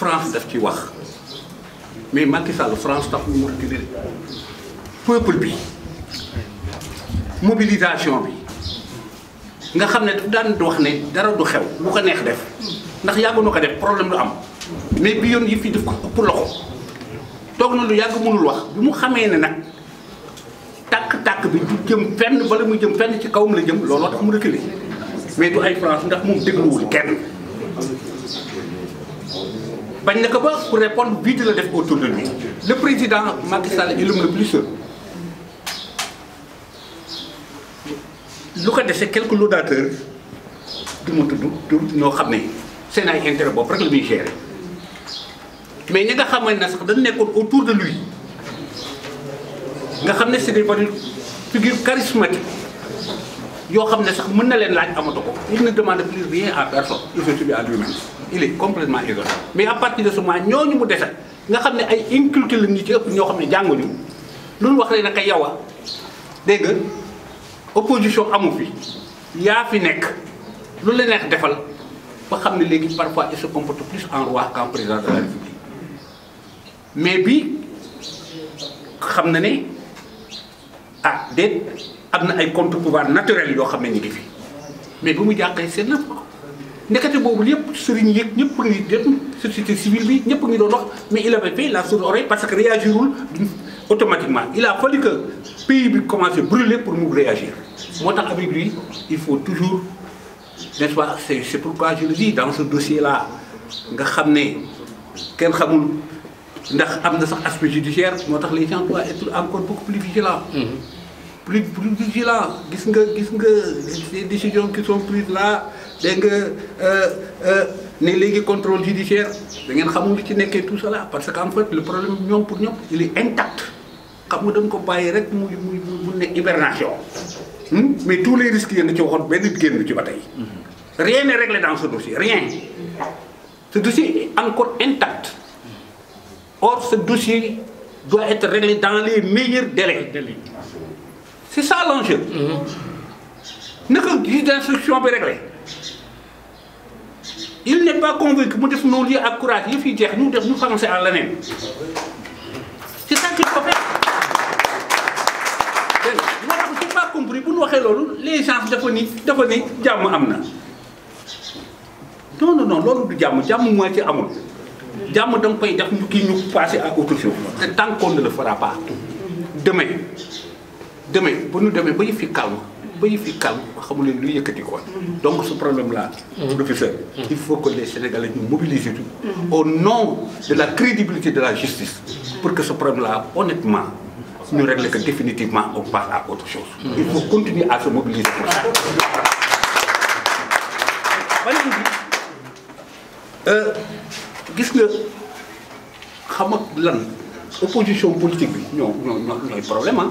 France daf ci wax mais Macky Sall France tax mu reculer peuple bi mobilisation bi nga xam ne daan wax ne dara du xew lu ko neex def ndax yàgg na ko def problème lu am mais bi yoon yi fi def ko ëpp loxo toog na lu yàgg mënul wax bi mu xamee ne nag tàkk-tàkk bi du jëm fenn bala mu jëm fenn ci kawam la jëm looloo tax mu reculer mais du ay France ndax moom dégluwul kenn bañ na ko pour répondre vite la def autour de lui. le président Macky Sall est l'homme le plus sûr lu ko dese quelques laudateurs du ma tudd tudd ñoo xam ne seen ay intérêt bopp rek la gérer mais ñi nga xamal ne sax dañ nekkoon autour de lui nga xam que c'est une figure charismatique, yoo xam ne sax mën na leen laaj amatu ko il ne demande plus rien à personne il se subit à lui-même il est complètement isolé mais à partir de ce moment ñooñu mu dese nga xam ne ay inculté la ñu ci ëpp ñoo xam ne jànguñu lu wax leen naka yow a dégg nga opposition amu fi yaa fi nekk lu la neex defal ba xam ne parfois il se comporte plus en roi qu'en président de la république mais bi xam na ah déet am na ay contre pouvoir naturel yoo xam ne ñu fi mais bu mu jàqee c'est nekkati boobu lépp serigne yëg ñëpp ngi dem société civile bi ngi mais il avait fait la sourde oreille parce que réagirul automatiquement il a fallu que pays commence à brûler pour nous réagir motax avec lui il faut toujours nest c'est pourquoi je le dis dans ce dossier là nga xamné ken nous xamul ndax aspect judiciaire motax les gens doivent être encore beaucoup plus vigilants mm-hmm. plus plus vigilant gis nga gis nga des décisions qui sont prises là dégg nga euh, euh, ne léegi contrôle judiciaire da ngeen xamul li ci nekkee tout cela parce que fait le problème pour il est intact xam nga dañ ko bàyyi rek muy muy mu ne hibernation mais tous les risques yéen ci waxoon benn génn ci ba rien n'est réglé dans ce dossier rien ce dossier est encore intact or ce dossier doit être réglé dans les meilleurs délais. c'est ça l'enjeu. Mm-hmm. na d'instruction il n'est pas convaincu que nous devons nous courage Nous à l'année. c'est ça qu'il faut faire Je pas compris nous les gens dafa ni dafa non non non du ci amul def à autre chose tant qu'on ne le fera pas demain demain pour nous demain, ba calme calme mm-hmm. donc ce problème là. professeur mm-hmm. mm-hmm. il faut que les Sénégalais nous mobilisent au nom de la crédibilité de la justice. pour que ce problème là honnêtement nous règle que définitivement on passe à autre chose. il faut continuer à se mobiliser pour ça. que nga xam ak non, non, politique il y un problème hein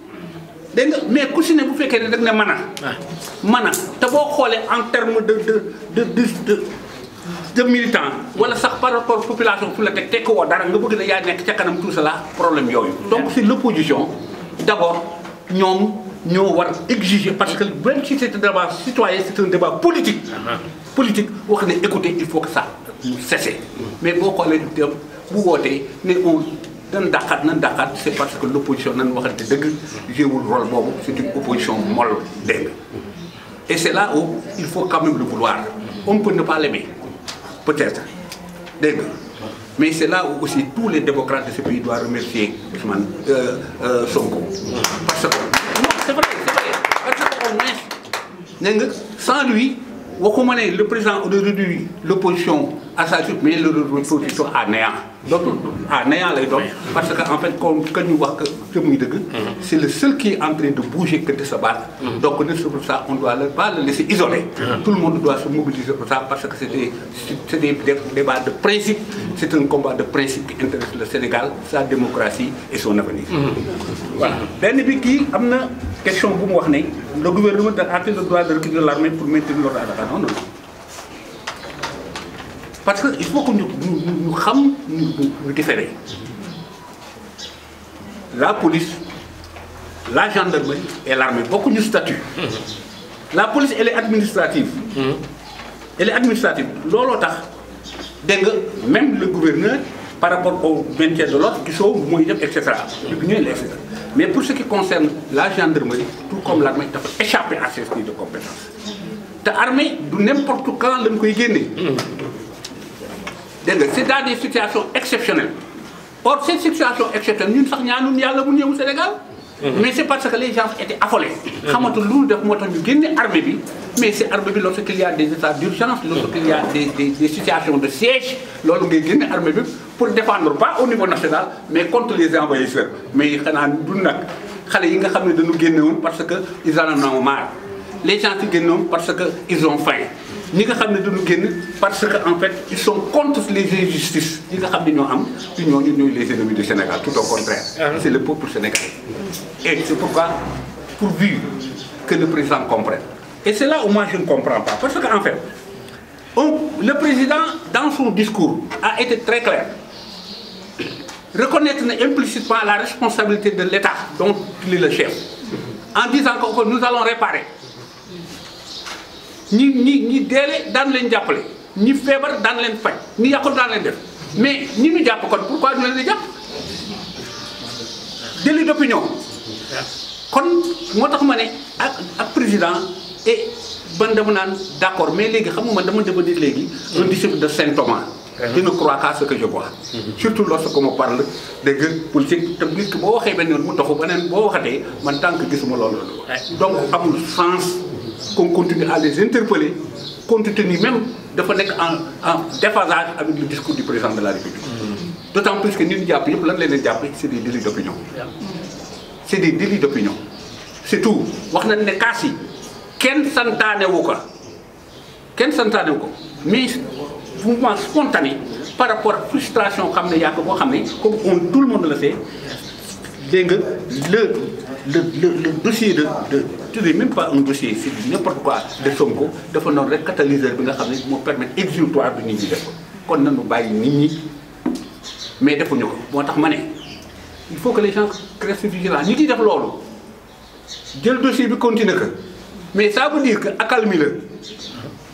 mais ku si ne bu que ne dag ne ah. en termes de de de de par rapport population la population, tekk dara nga tout cela problème donc si l'opposition d'abord nous ñoo exiger parce que même si c'est un débat citoyen c'est un débat politique ah. politique vous écoutez il faut que ça cesse mm. mais vous allez vous voter, mais on c'est parce que l'opposition nan waxante deug rôle c'est une opposition molle et c'est là où il faut quand même le vouloir on peut ne pas l'aimer peut-être mais c'est là où aussi tous les démocrates de ce pays doivent remercier Ousmane euh, euh Sonko non c'est vrai c'est vrai parce sans lui le président aujourd'hui, réduit l'opposition à sa suite, mais l'opposition à néant donc à néant les parce que fait comme que voyons que mhm. c'est le seul qui est en train de bouger que de se battre mhm. donc ne ça on doit pas le laisser isolé mhm. tout le monde doit se mobiliser pour ça parce que c'est des débats de principe c'est un combat de principe qui intéresse le Sénégal sa démocratie et son avenir voilà ben question pour moi, le gouvernement a il le droit de recruter l'armée pour maintenir l'ordre à Dakar non non parce qu'il faut que nous nous, xam nous, nous la police la gendarmerie et l'armée nous statut. Mmh. la police elle est administrative. Mmh. elle est administrative Lolo même le gouverneur par rapport au maintien de l'ordre, du show, etc. Mais pour ce qui concerne la gendarmerie, tout comme l'armée, il faut échapper à ces types de compétences. L'armée, n'importe quand, l'on peut C'est dans des situations exceptionnelles. Or, ces situations exceptionnelles, nous ne savons pas au Sénégal. Mais c'est parce que les gens étaient affolés. armée, mais c'est armée lorsqu'il y a des états d'urgence, lorsqu'il y a des, situations de siège, lorsqu'il y a armée, pour défendre pas au niveau national mais contre les envoyés mais il du a xale yi nga xam de nous parce que ils en ont marre les gens qui génnoon parce qu'ils ont faim Ni nga xam nous dañu parce qu'en fait ils sont contre les injustices Il nga nous ne nous am les ennemis du Sénégal tout au contraire ah. c'est le peuple sénégalais et c'est pourquoi pourvu que le président comprenne et c'est là où moi je ne comprends pas parce que fait le président dans son discours a été très clair reconnaître implicitement la responsabilité de l'État dont il est le chef, en disant que nous allons réparer. Ni ni, ni délai dans leen jàppale ni feebar dans leen faj ni yàqul dans def mais ni nous jàpp pourquoi nous leen di délit d'opinion kon je tax le président et je suis d'accord mais je suis man dama di un disciple de Saint Thomas je ne crois qu'à ce que je vois. surtout lorsqu'on me parle dégg politique te nit ki boo waxee benn je mu taxu je boo waxatee man tant que gisuma loolu donc amul sens qu'on continue à les interpeller compte tenu même dafa faire en en déphasage avec le discours du président de la République. d'autant plus que nous ñu jàpp yëpp lan la leen c'est des délits d'opinion. c'est des délits d'opinion. c'est tout wax nañ ne kaas yi kenn santaane wu ko kenn santaane wu ko mais mouvement spontané par rapport à frustration xam comme tout le monde le sait le le le dossier de de tu dis même pas un dossier c'est n'importe quoi de Sonko de faire un catalyseur bi nga xam ne moo permettre exutoire de nous ñi def ko kon nañu mais de faire moo tax il faut que les gens restent vigilants nit disons def loolu le dossier continue, mais ça veut dire que le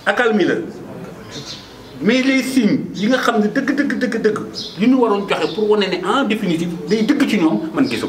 la accalmie la mais les signes yi nga ne dëgg dëgg dëgg ñu pour ne en définitive day des ci